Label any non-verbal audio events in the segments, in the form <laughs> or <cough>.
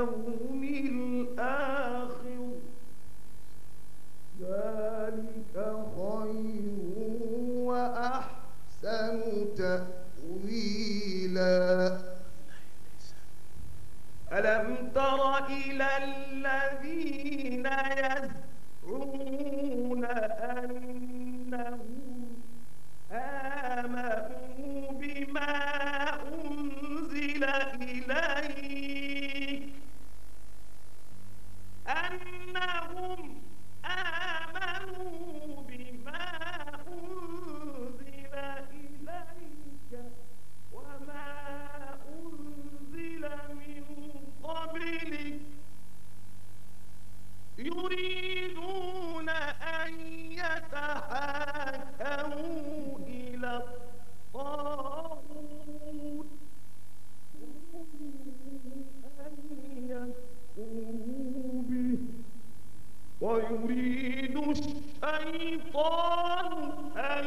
واليوم الآخر ذلك خير وأحسن تأويلا ألم تر إلى الذين يزعمون أنهم آمنوا بما أنزل أُنزِلَ إِلَيْكَ يريدون أن يتحاكموا إلى الطاغوت أن يكفروا به ويريد الشيطان أن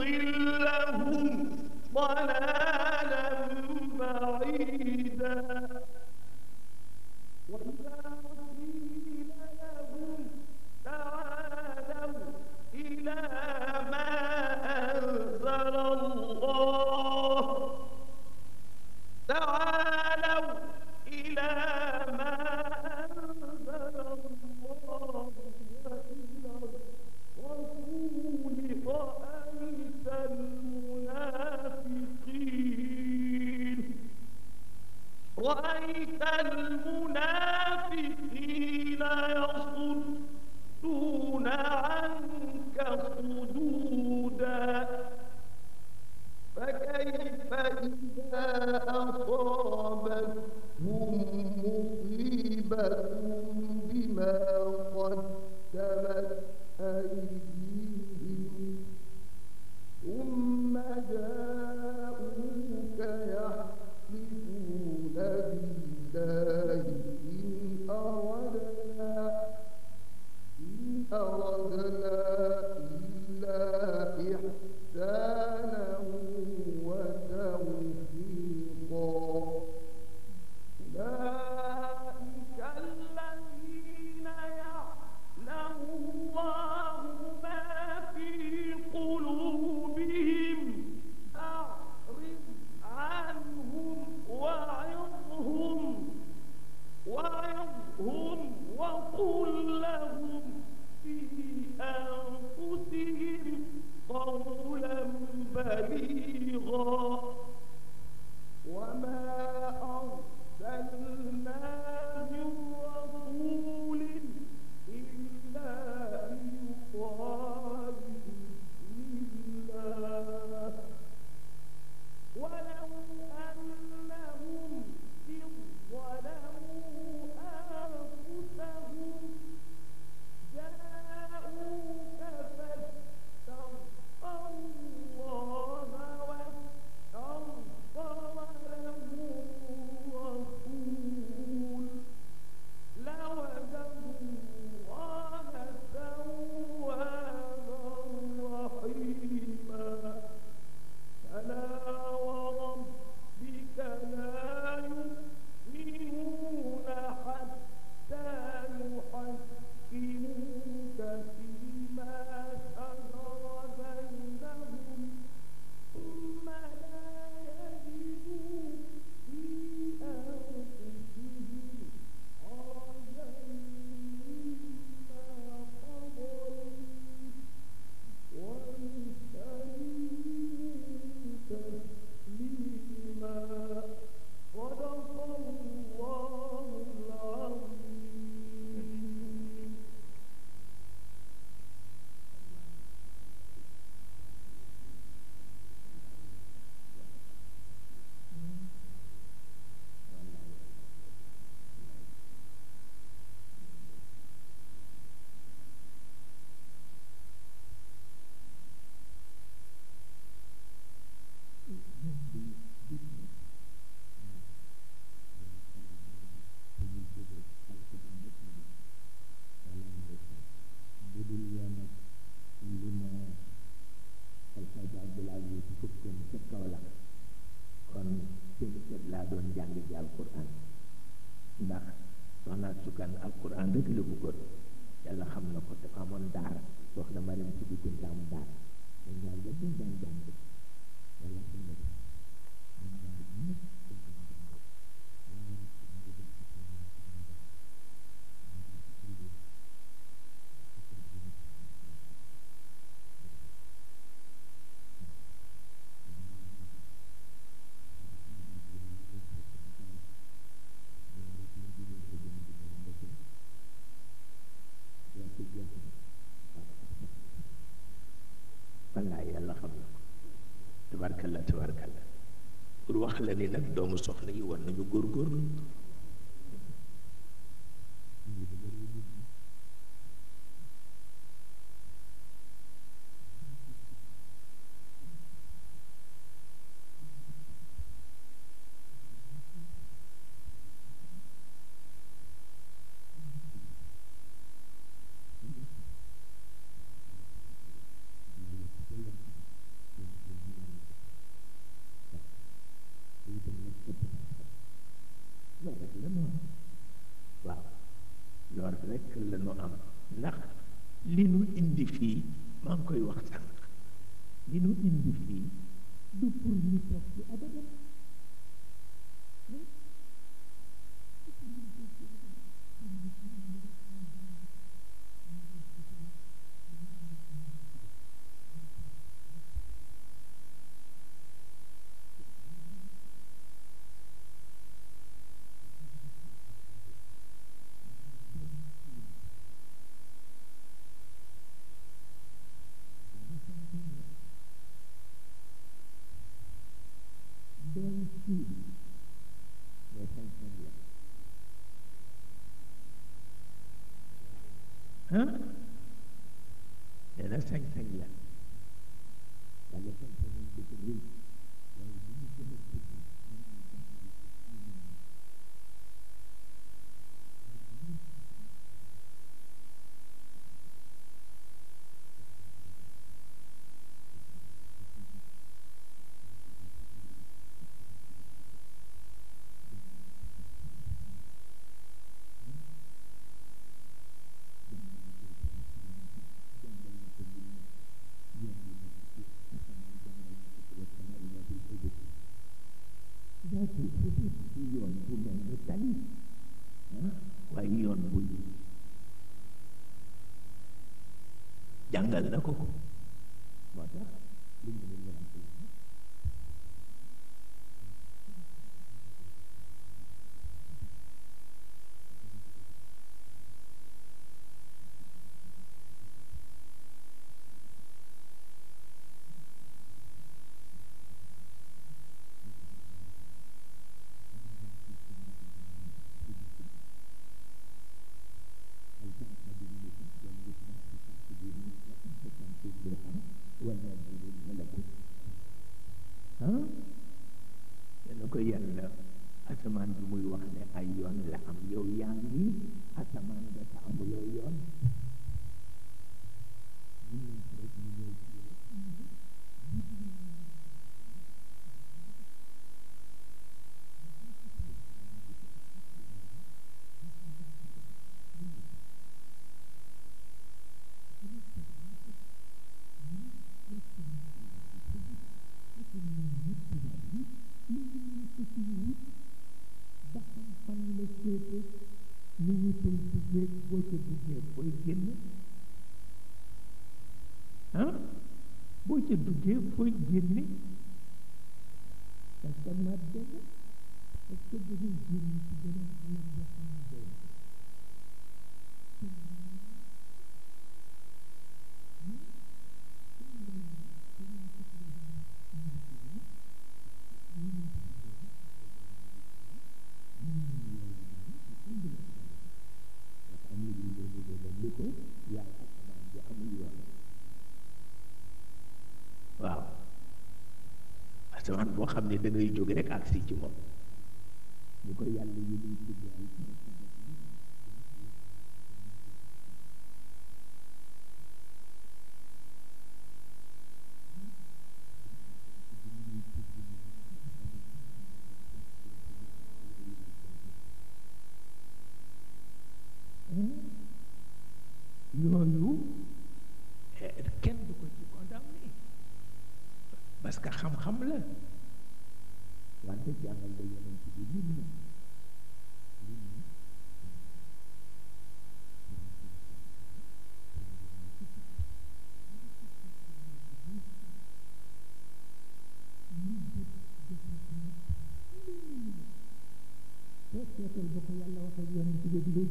يضلهم ضلالا بعيدا الله تعالوا إلى ما أنزل الله وإلى الرسول رأيت المنافقين رأيت المنافقين يصدون عنك صدودا كيف إذا أصابتهم مصيبة بما قدمت أيديهم tubarkalla pour wax la ni nag doomu soxna yi ñu nañu góorgóorlu sanh thành là và nó sanh thành được tự nhiên dalil aku कि तुझे कोई गिरने टक्कर मार देगा उसको गिरने की जरूरत अलग है boo xam ne da ngay jóg rek ak ci moom ñu ko yàlla yi luy tuddee ay bu ko yàlla wax ak léegi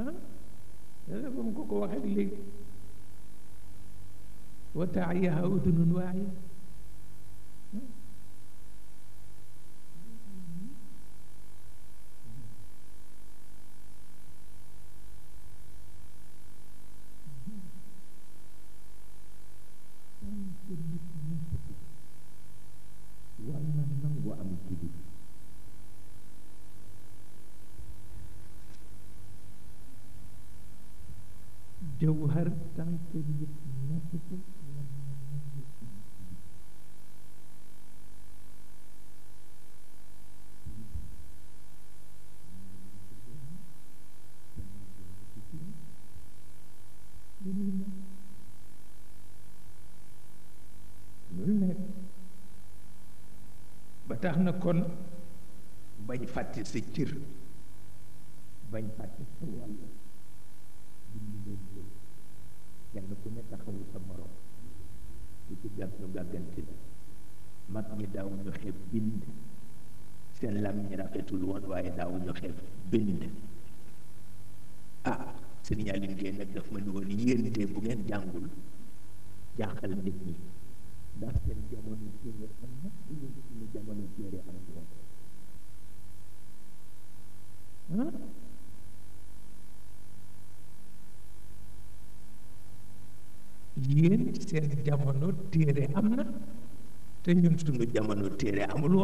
ah yàlla ba mu ko ko wax ak léegi wa taayaha udunun waaye tax na kon bañ fàtte sa cër bañ fàtte sa wàll yàlla ku ne taxawu sa morom lu ci gàgg nu gàggante la mag ñi daawuñu xeeb bind seen lam ñi rafetul woon waaye daawuñu xeeb bind ah sëriñ Aline Gueye nag daf ma ni woon yéen bu ngeen jàngul jaaxal nit ñi ndax jamono am na ñu suñu jamono téere am woon yéen seen jamono téere am na te ñun suñu jamono téere amul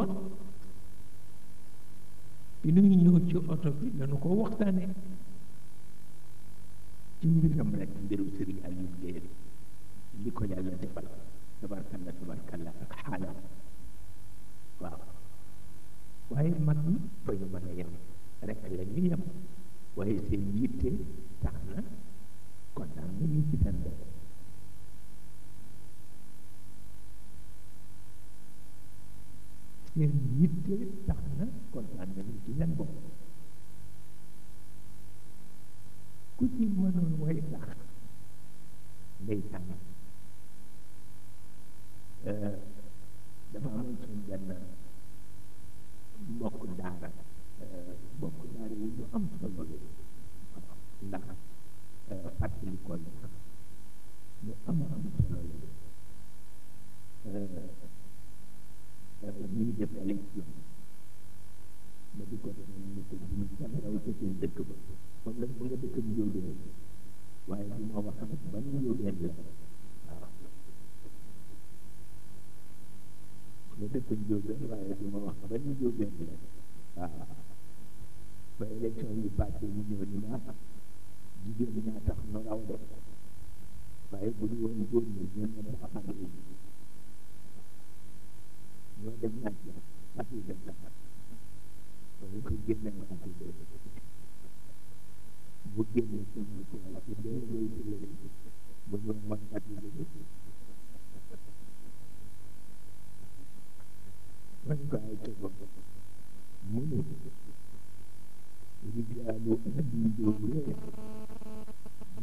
bi ñuy ñëw ci oto bi dañu ko waxtaane ci mbiram rek mbiru Sëriñ Aliou Guèye li ko yàlla defal تبارك الله تبارك الله لك حالا واو وهي مدن فيو من يم رك لن يم وهي سيئتي تحنا قد عمي جدن سيئتي تحنا قد عمي جدن بو كتما dunia dan akhirat ini. Dua jam lagi, satu jam lagi. Bukan yang satu jam. Bukan yang satu jam. Satu jam lagi lagi. Bukan yang mana satu jam. Mereka itu bukan. Mereka Rijalu adi dunia Rijalu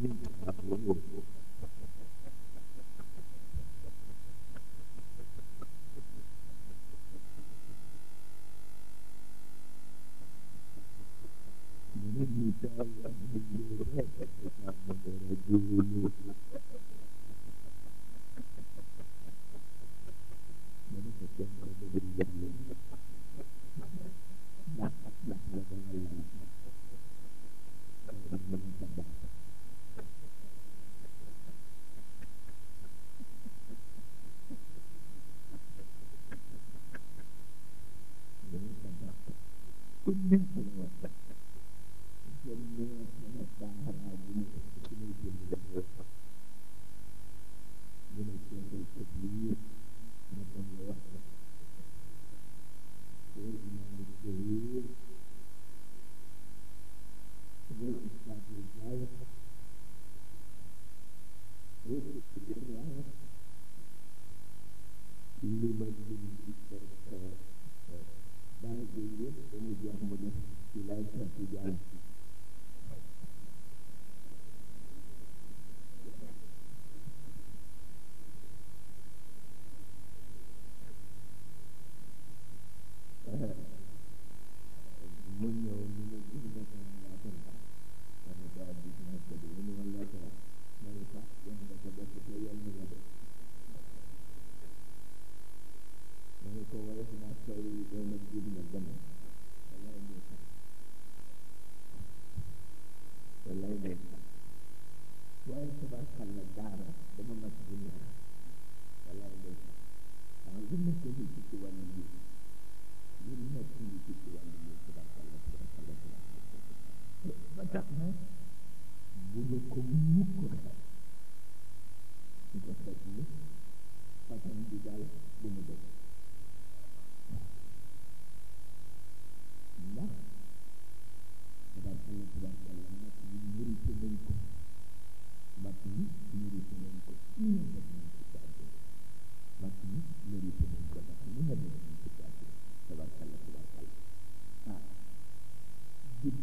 adi dunia kawan Sama darah dulu Mana kerjaan kau diberi jalan Yeah.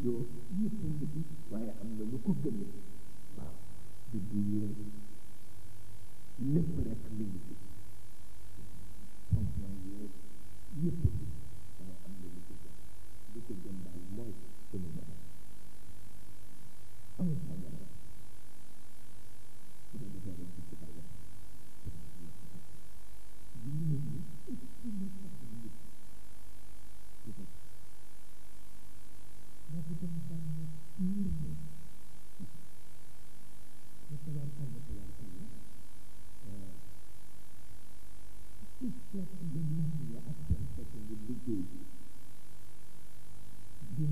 yoo yëpp ngi fi waaye am na lu ko gën waaw juddu yi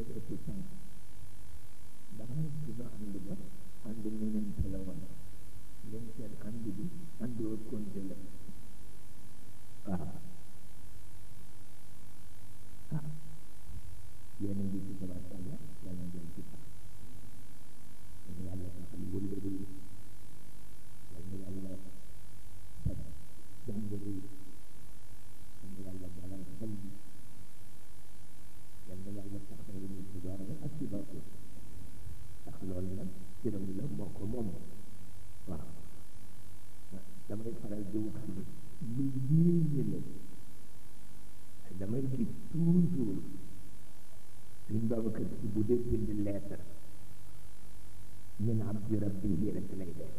ke keputusan Dan juga anda buat Anda minum selawat Yang saya ambil Anda rukun jelas Ah Ah Yang ini suñ bi yonent lay dee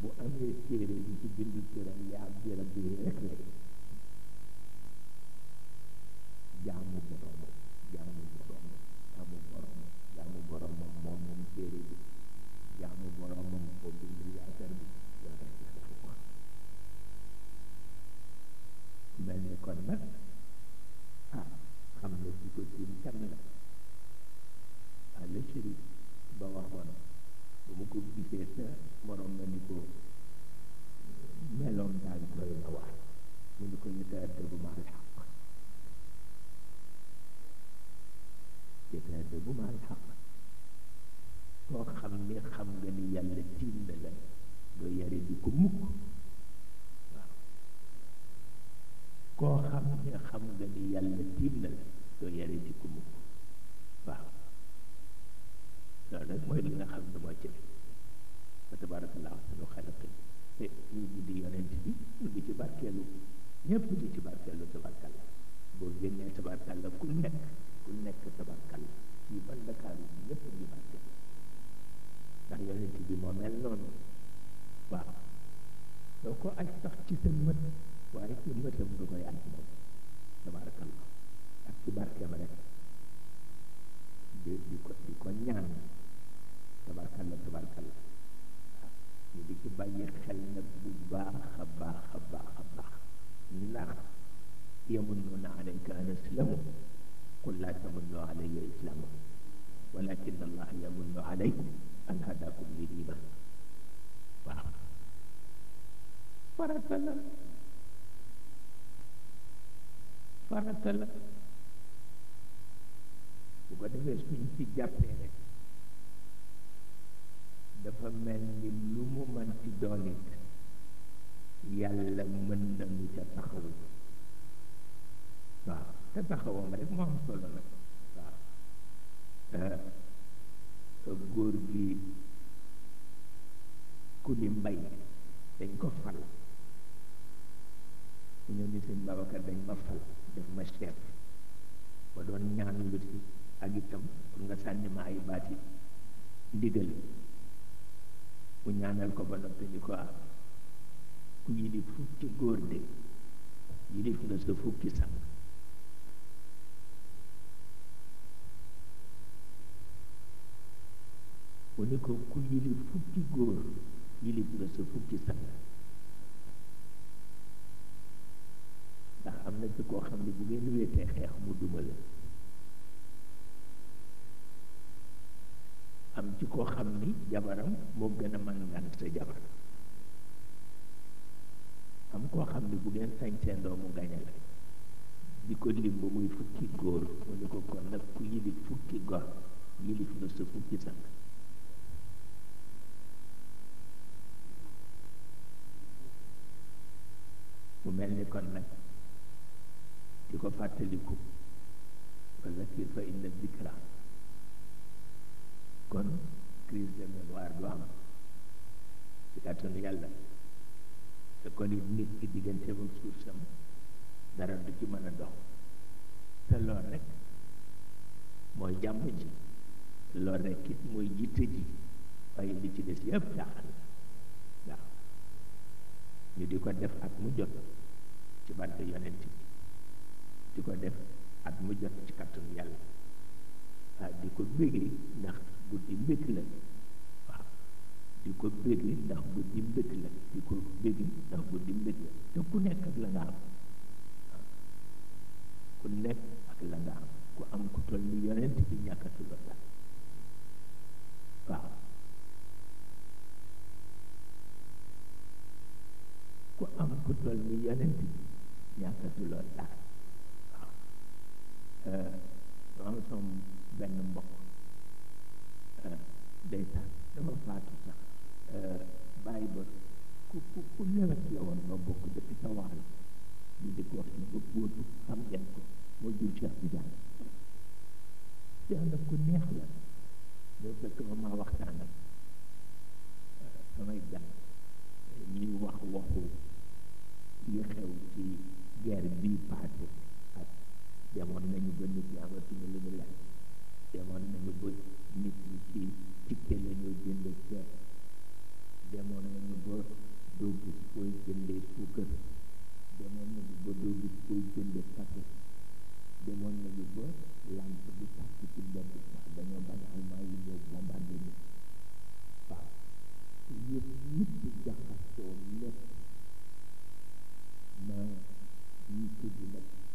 bu amee téere bi ci bindu turam yaa biram bi rek lay jaamu boromam jaamu boromam jaamu boromam jaamu boromam moom moom téere bi jaamu boromam foo bind yaasar bi loolu rek la def ko mel hamdaki goggiri kannala allah sharif ba wax woon ba mu ko gisee sa morom ma ni ko meloon daal doy na wax mu ni ko yataadabu ma alxaq yataadabu ma alxaq koo xam ne xam nga ni yàlla tiim na la doo yare di ko mukk koo xam ne xam nga ni yàlla tiim na la doo yare ci ku mukk waaw loolu nag mooy li nga xam ne moo ci ne fa tabarakallahu sunu xalaqi te ñu di yonent bi ñu di ci barkeelu ñépp di ci barkeelu tabarkalla boo génnee tabarkalla ku nekk ku nekk tabarkalla yi ban Dakar yi ñépp di barkeelu ndax yonent bi moo mel noonu waaw doo ko aj sax ci sa mët waaye ci mbëtam du koy ak moom tabarakallah ak ci barkeem rek di di ko di ko ñaan tabarakallah tabarakallah ñu di ci bàyyi xel nag bu baax a baax a baax a baax ndax yamunnuna alayka an aslamu قل لا تمنوا علي إسلامكم ولكن الله يمن عليكم أن هداكم للإيمان فرق الله பரத்தல் dafa melni lu mu man ci doonit yàlla mën na mu ca taxaw waaw te taxawam rek mu am solo la waaw góor gi ku ni mbay dañ ko fal ku ñëw ni sëñ Babacar dañ ma fal def ma chef ba doon ñaan lu si ak itam pour nga sànni ma ay baati ndigal mu ñaanal ko ba noppi ni ko ah, ku yilif fukki góor de yilif nga sa fukki sang ndax am na ci koo xam ne bu ngeen wéetee xeex mu duma am ci koo xam ni jabaram moo gën a mën ngant sa jabar am koo xam ni bu ngeen sañ seen doomu gañe la di ko lim ba muy fukki góor mu ni ko kon nag ku yilif fukki góor yilif na sa fukki sang mu mel ni kon nag di ko fàttaliku wala kii fa inna zikra kon crise de mémoire du am ci kàttanu yàlla te kon it nit ki diggante ba suuf sam dara du ci mën a dox te lool rek mooy jàmm ji lool rek it mooy jiite ji waaye li ci des yëpp caaxaan la waaw ñu di ko def ak mu jot ci barke yonent bi di ko def at mu jot ci kattanu yàlla waaw ah, di ko bégee ndax guddi mbég la waaw di ko bégee ndax guddi di ko bégee la te ku nekk ak la ku nekk ak la ku am ku toll ni yonent bi ñàkkatuloo la waaw ku am ku toll ni yonent bi ñàkkatuloo la ransom benn mbokk ndeysaan dama faatu sax bàyyi ba ku ku ku lewet la woon nga bokk dëkk sa waalo ñu di ko wax ci ba bóotu xam ngeen ko moo jur Cheikh Tidiane Cheikh nag ku neex la ñoo fekk ma maa waxtaanam samay gan ñuy wax waxu yi xew ci guerre bii passé demoon nañu ba nit ñi amatuñu lu ñu lekk demoon nañu ba nit ñi ci tikke la demoon nañu ba doo gis fooy jëndee suukar demoon nañu ba doo gis fooy jënde paquet demoon nañu ba lamp bi tàkk ci mbedd sax dañoo bañ almaa yi ñëw bombardé ni waaw yëpp yëpp jaxasoo lépp ma ñu tudd nag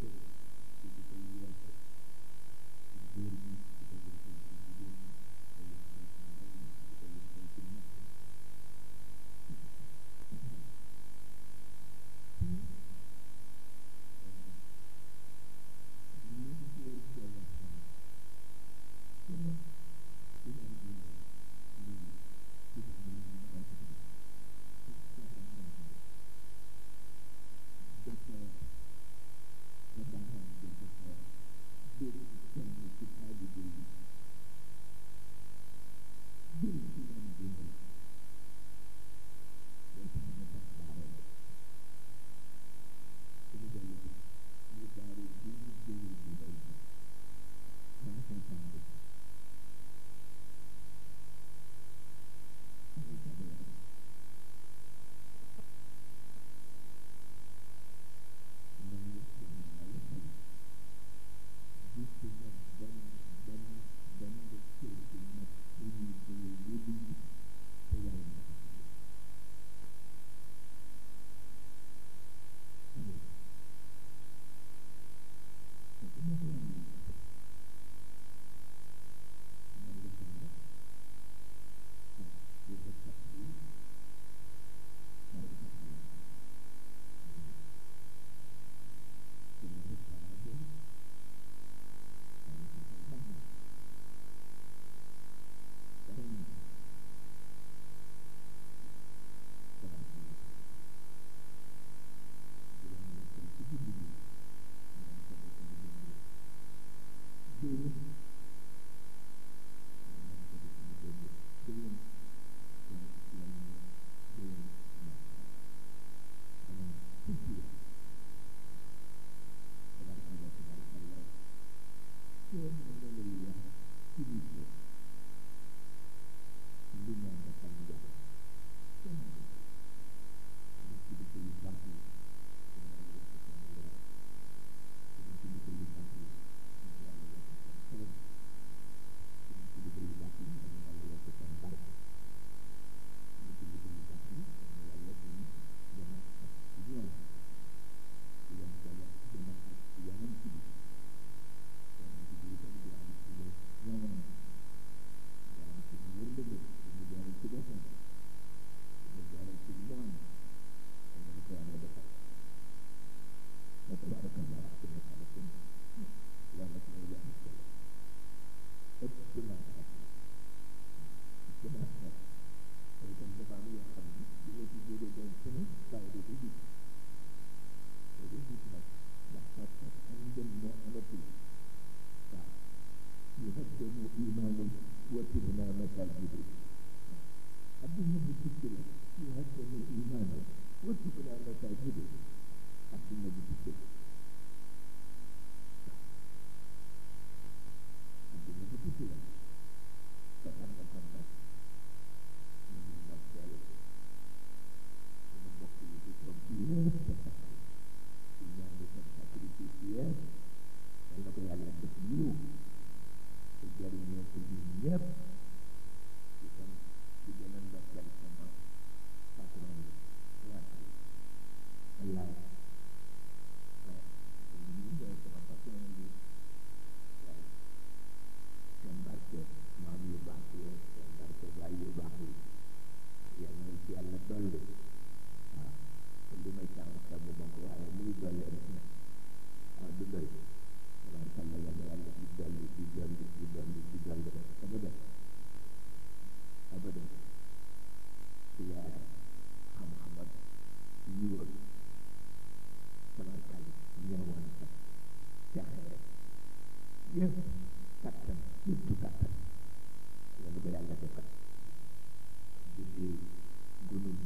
people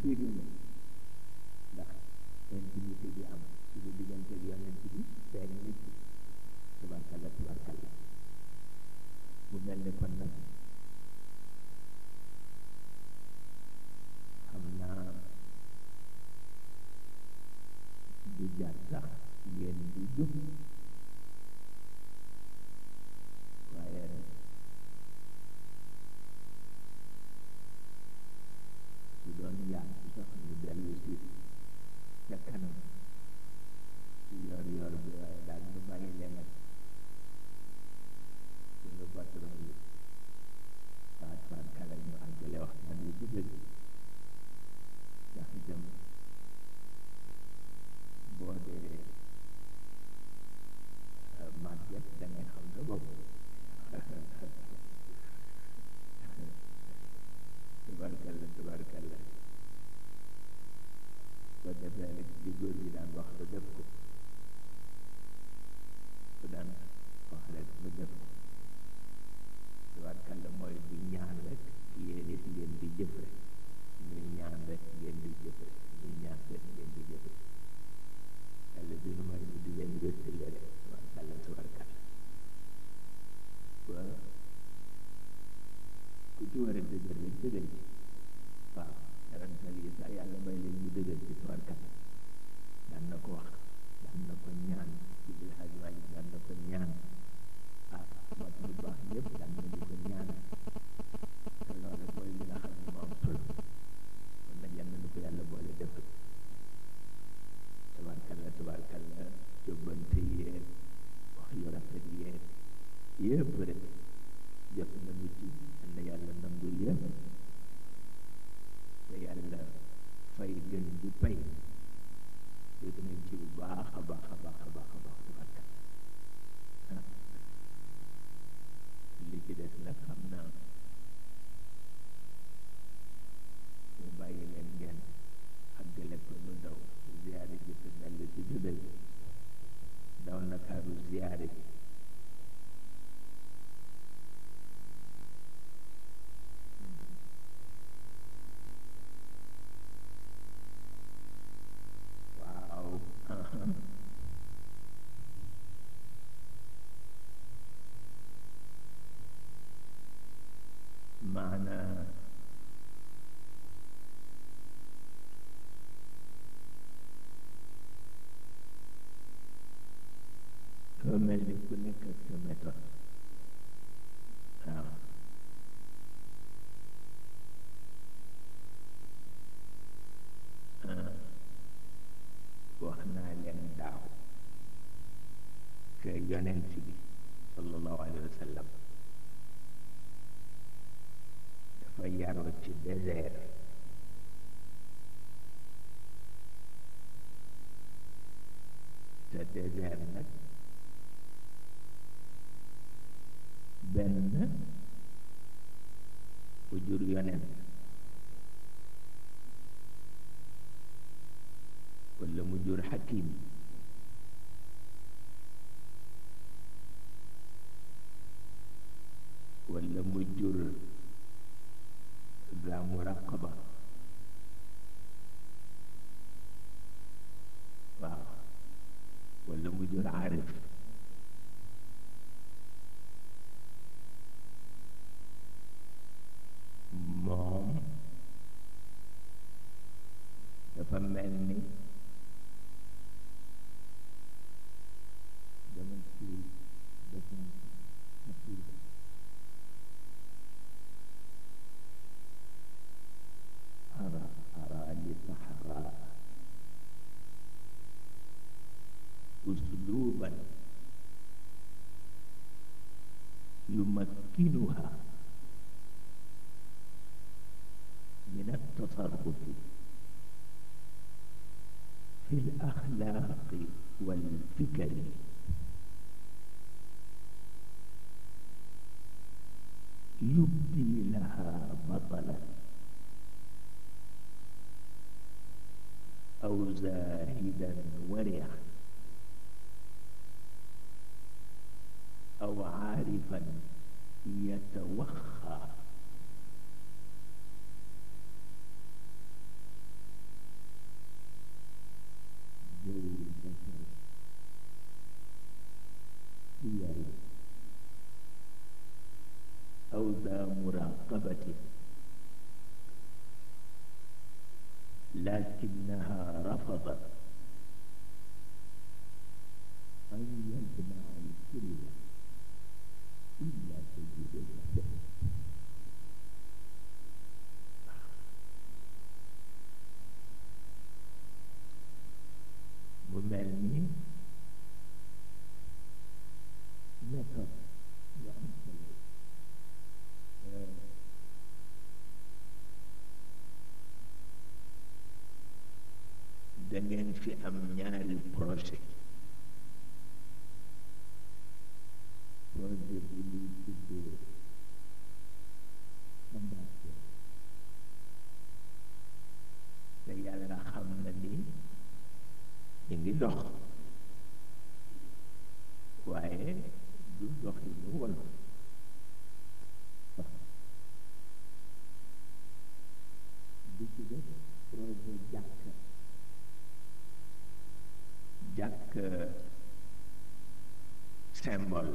di dunia. Dah. Dan ini tidak aman. Ini dengan kalian yang ini. Saya ingin itu. Sebab kalau keluar Bukan lepas nasib. 对。по некоторым методам. Wahana yang dah Keyanan sini Sallallahu alaihi wasallam Fayar uci dezer Sa dezer nak benn ku jur yonent walla mu jur xakim walla mu jur gaamu raqaba الأخلاق والفكر يبدي لها بطلا أو زاهدا ورعا أو عارفا يتوخى عقبته لكنها رفضت أن يجمع الكل إلا تجد الكل fi am ñaari projet projet bu ñuy tuddee te yàlla xam na ni ñu ngi dox waaye du dox yi ñu wala di projet jàkk sejak ke Sembol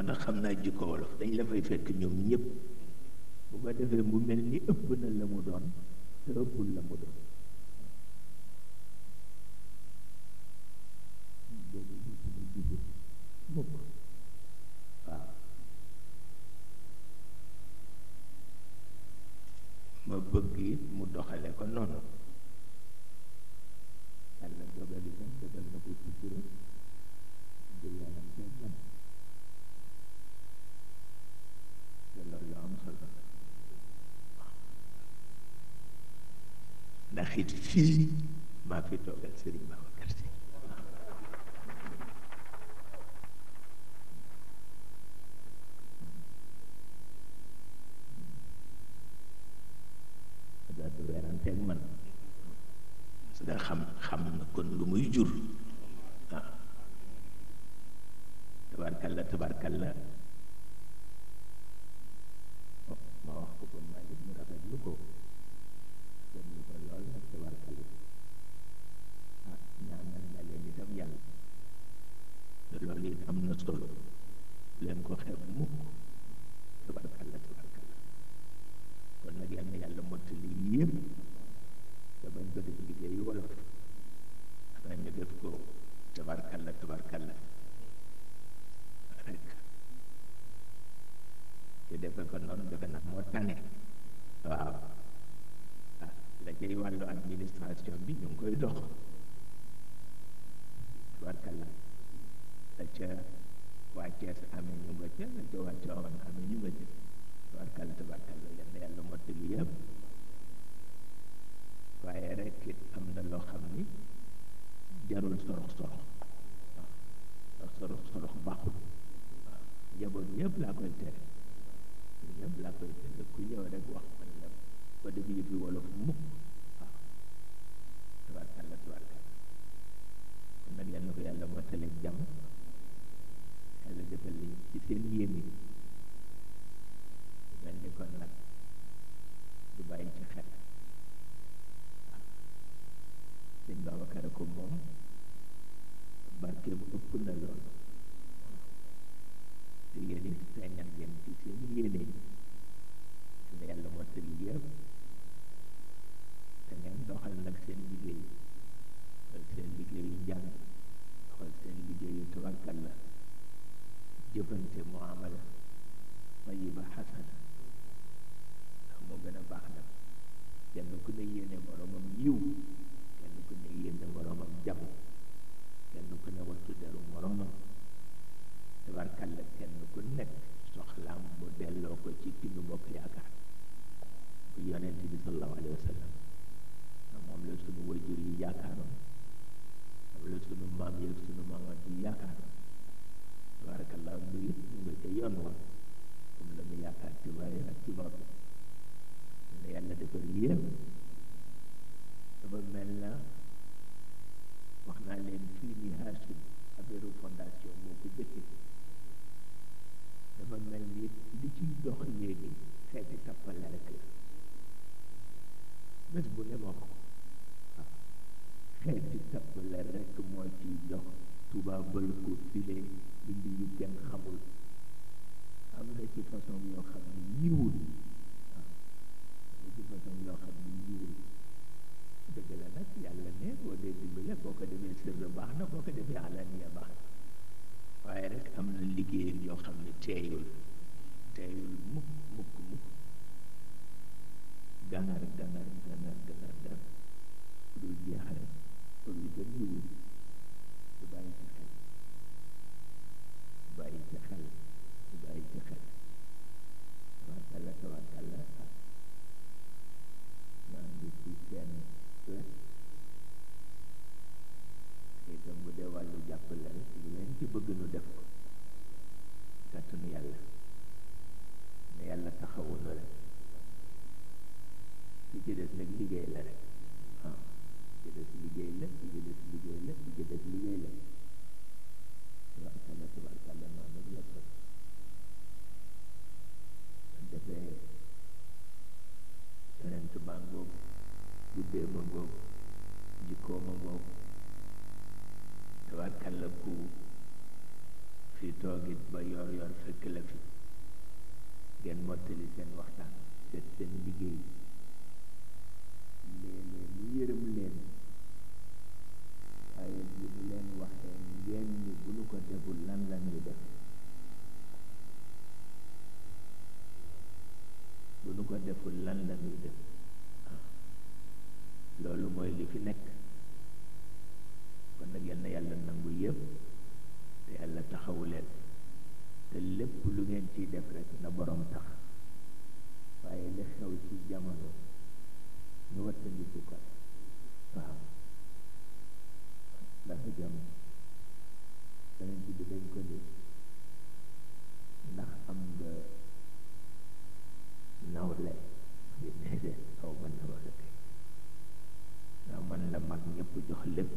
ko nag xam naa jikko wolof dañ la fay fekk ñoom ñëpp bu ko defee mu mel ni ëpp na la mu doon te ëppul la mu doon fii maa fi toogal Serigne Baba koy tere laa koy tere ku ñëw rek wax ko ne la ba dëgg yëfi wolof mukk waaw tabarkalla nag yal na ko yàlla yàlla defal li ci seen yéene mel ni kon nag du bàyyi ci xel waaw sëñ Babacar ko moom barke bu ëpp na lool في معاملة طيبة حسنة ممكن بعد كان كنا يين مرام يو كان كنا يين مرام جم كان كنا وقت دار مرام تبارك الله كان كنا سخلام بدل وكتي نبوك يا كار بيان النبي صلى الله عليه وسلم نمام لسنا وجري يا كارم نمام لسنا مام يسنا مام يا كارم بارك الله فيك بيت ينور قبل ما يأكل تبايا تبارو لأن تقولي تبع ملا وحنا لين في نهاش أبيرو فونداسيون موكو جيكي تبع ملا لتي دخيني فاتي تبال لك بس بولي موكو خيتي تبال لك موكو جيكي Touba bël ko file bind yu kenn xamul am na ci façon yoo xam ne yiwul waaw am na ci façon yoo xam ne yiwul dëgg la nag yàlla ne boo dee dimbale boo ko defee sirr baax na boo ko defee alaniya baax na waaye rek am na liggéeyam yoo xam ne teeyul teeyul mukk mukk mukk ganar ganar ganar ganar ganar du jeex rek loolu gën yiwul bàyyi ci xel ñu bàyyi ci xel tabarkalla tabarkalla ah maa ngi ci seen wet itam bu dee wàllu jàppale rek lu leen ci bëgg nu def ko kàttanu yàlla ne yàlla taxawunu rek ci ci des nag liggéey la rek ah ci liggéey la ci des liggéey la ci des liggéey la tubarkàlla noonu rek la ko defee yonent ba ngoog guddee ma ngoog jikkoo ma ngoog tubarkàlla ku fi toogit ba yor yor fekk la fi ngeen mottali seen waxtaan seet seen liggéey disibukkan. Dan jam dan yang tidak yang kedua nak <laughs> ambil naulek ini dia tahu mana naulek naman lemaknya pujuh lep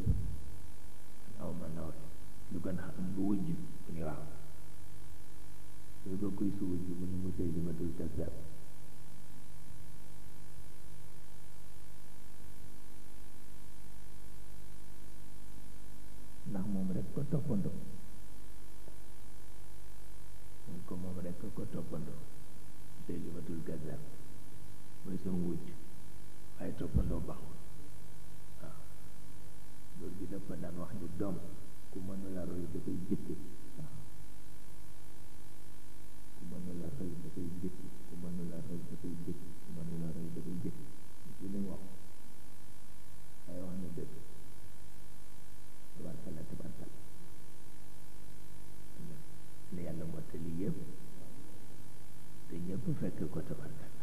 tahu mana naulek juga nak ambil penyerang juga kuih suju menemukan di matul tazab kota pondok Kuma mereka kota pondok Saya lima tul gazam Saya sungguh Saya tu pondok bangun ha. Dulu di pandang wahyu dom Kuma nolaro itu ke jitu ha. Kuma nolaro itu ke jitu Kuma nolaro itu ke jitu Kuma nolaro itu ke jitu Itu ni wak Saya wahyu dom Tuan salah tuan salah na yàlla mottali yëpp te ñëpp fekk ko tabarkal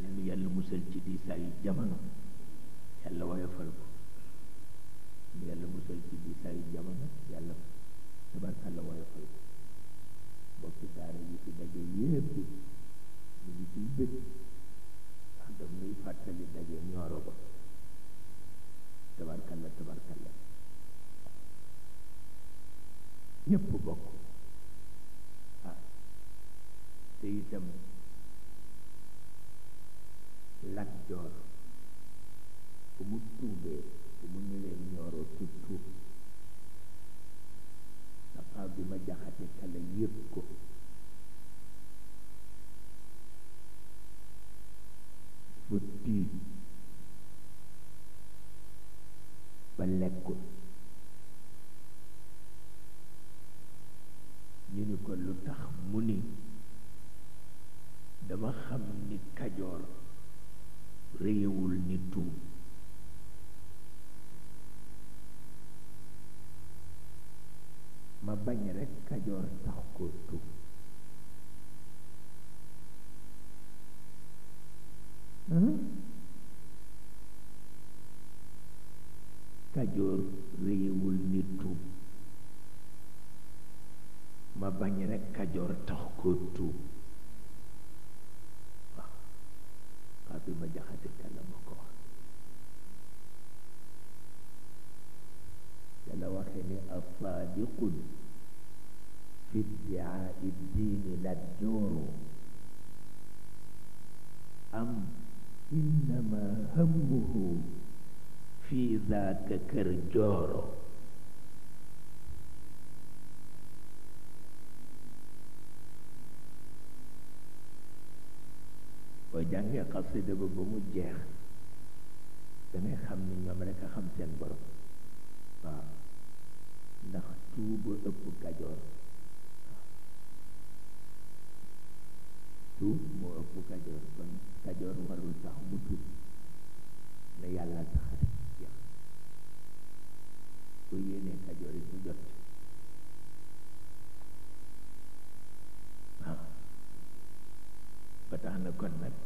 lanu yàlla musal ci diisaayu jamono yàlla woyofal ko nu yàlla musal ci diisaayu jamono yàlla tabarkal la woyofal ko bokki daara yi fi daje yëpp ñu ngi ciy bët ndax daf fàttali daje ñooro ba tabarkal la tabarkal la ñëpp bokk te itam Lat Joor fu mu tuubee fu mu ñëwee ñooro ci tuub bi ma jaxate kala yëg ko fu ba lekkul ñu ni ko lu tax mu ni dama xam ni kajoor nitu ni ma bañ tau. صادق في ادعاء الدين لا للجور أم إنما همه في ذاك كرجور وجانجي قصيدة ببو جيخ دمي خمني نيو ملكا خمسين برو ndax tuuba ëpp kajoor tuub moo ëpp kajoor kon kajoor warul tax mu tuub na yàlla tax rek jeex ko yéenee kajoor yi mu jot waaw ba na kon nag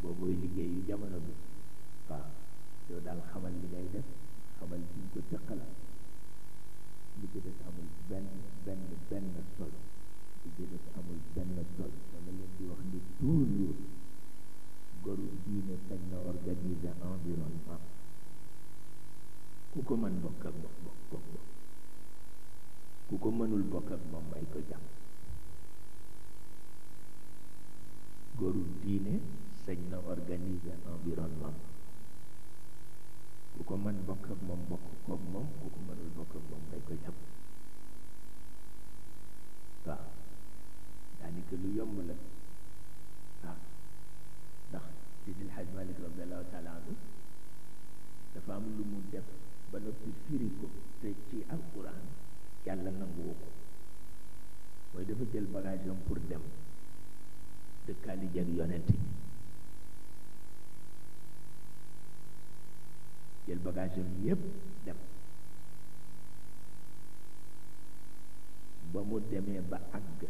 boobuy liggéeyu jamono bi waaw yow daal xamal li ngay def xamal fi ñu ko tëqala بجدت أبو البن بن بن الصل بجدت أبو البن الصل لما لدي وخد تولو قرو دين تجنا أرجانيزا أنظر الماء كوكو من بكك بك بك بك بك كوكو من البكك بك بك بك Guru Dine Sejna Organiza Environment bu ko mën bokk ak moom bokk koog moom bu ko mënul bokk ak moom day ko jàpp waaw daanaka ndax Seydi El Hadj Malick dafa am lu mu def ba noppi firi ko te ci alquran yàlla nanguwu ko mooy dafa jël bagage am pour dem dëkkaali jeg yonent yi jël bagage yépp dem ba mu demee ba àgg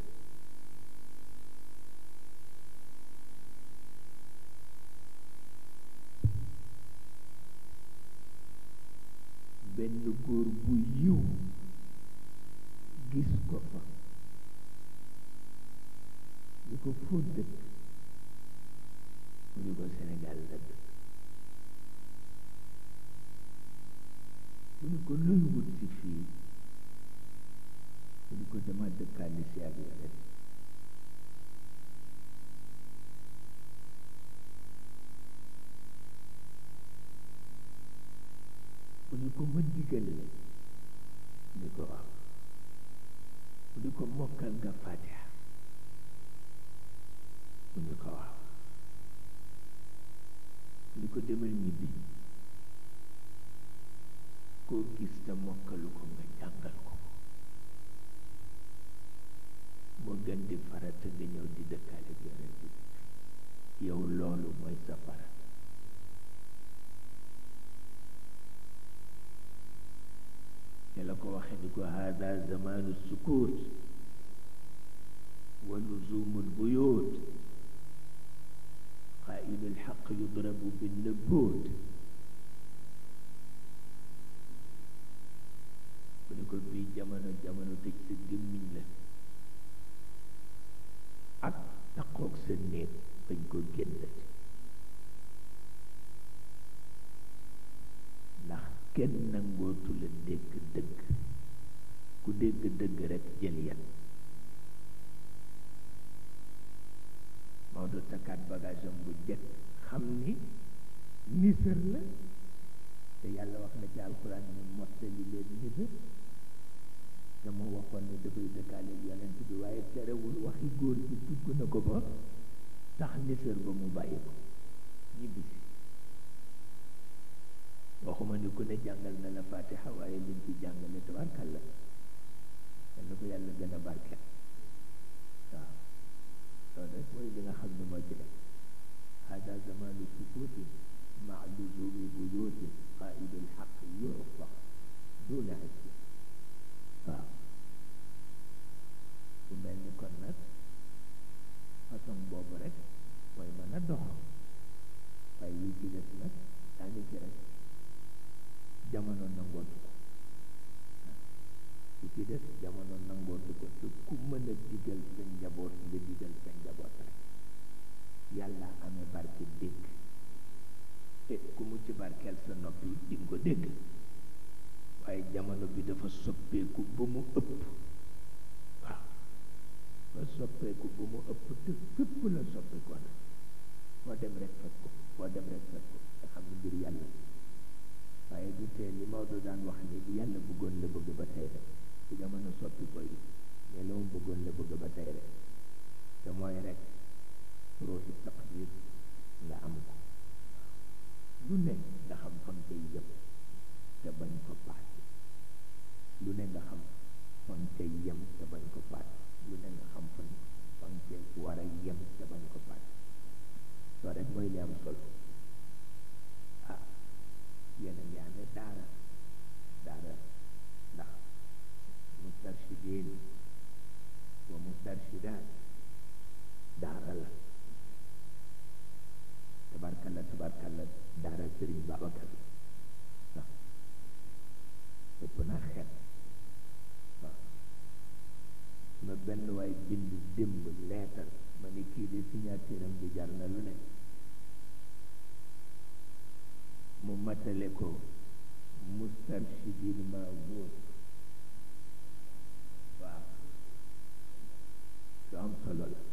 benn góor bu yiw gis ko fa ñu ko foo dëkk mu ñu ko Sénégal la dëkk mu ne ko luy wut si fii mu ne ko dama dëkkaale si ak yow rek mu ne ko ma digal la mu ko waaw mu ne ko mokkal nga fatiha mu ne ko waaw mu ne ko demal ñibbi koo gis te mokkalu ko nga jàngal ko moo gën di farata nga ñëw di dëkkaale ak yonent bi yow loolu mooy sa farata te la ko waxe ni ko hada zamanu sukut wa nuzumu lbuyut qaidu lxaq yudrabu binnabut ni ko fii jamono jamono tëj sa gémmiñ la ak taqoog sa néeg bañ ko génn ci ndax kenn nangootu la dégg dëgg ku dégg dëgg rek jël yan Maodo takkaat bagage am bu jëkk xam ni nisër la te yàlla wax na ci alxuraan ni mottali leen nisër dama waxoon ne dafay dëkkaale yonent bi waaye terewul waxi góor ci dugg na ko ba tax nisër ba mu bàyyi ko ñibbisi waxuma ni ku ne jàngal na la fatiha waaye liñ ci jàngale tabarkàlla yàlla ko yàlla gën a barke waaw loolu rek mooy li nga xam ne moo ci def hada zamanu sukuti maa luzumi buyuti qaidu lxaq yurfa duna ajji waaw bu mel ni kon nag façon boobu rek mooy mën a dox waaye yi ci des nag daanaka rek jamono nangootu ko yi ci des jamono nangootu ko te ku mën a sa njaboot nga digal sa njaboot rek yàlla amee barke dégg te ku mu ci barkeel sa noppi di ko dégg waaye jamono bi dafa soppeeku ba mu ëpp waaw ba soppeeku ba mu ëpp te fépp la soppeekoon foo dem rek fekk ko foo dem rek fekk ko nga xam ne mbir yàlla waaye du tee li Maodo daan wax ni li yàlla bëggoon la bëgg ba tey rek ci jamono soppi ko yi mais la mu bëggoon la bëgg ba tey rek te mooy rek ruuxi taqdir nga am ko lu ne nga xam fan koy yëpp te bañ ko paas lu ne nga xam fan cay yem te bañ ko faat lu ne nga xam fan fan cay ku war a yem te bañ ko faat soo rek mooy li am solo ah yéen a ngi ànd daara daara ndax mu tarsi déen wa mu tarsi daan daara la tabarkalla tabarkalla daara sëriñ babakar ndax ëpp naa xeet ma benn waay bind démb leetal ma ni kii de signatuream du jar na lu ne mu matale ko mustar si biir ma góor waaw am solo la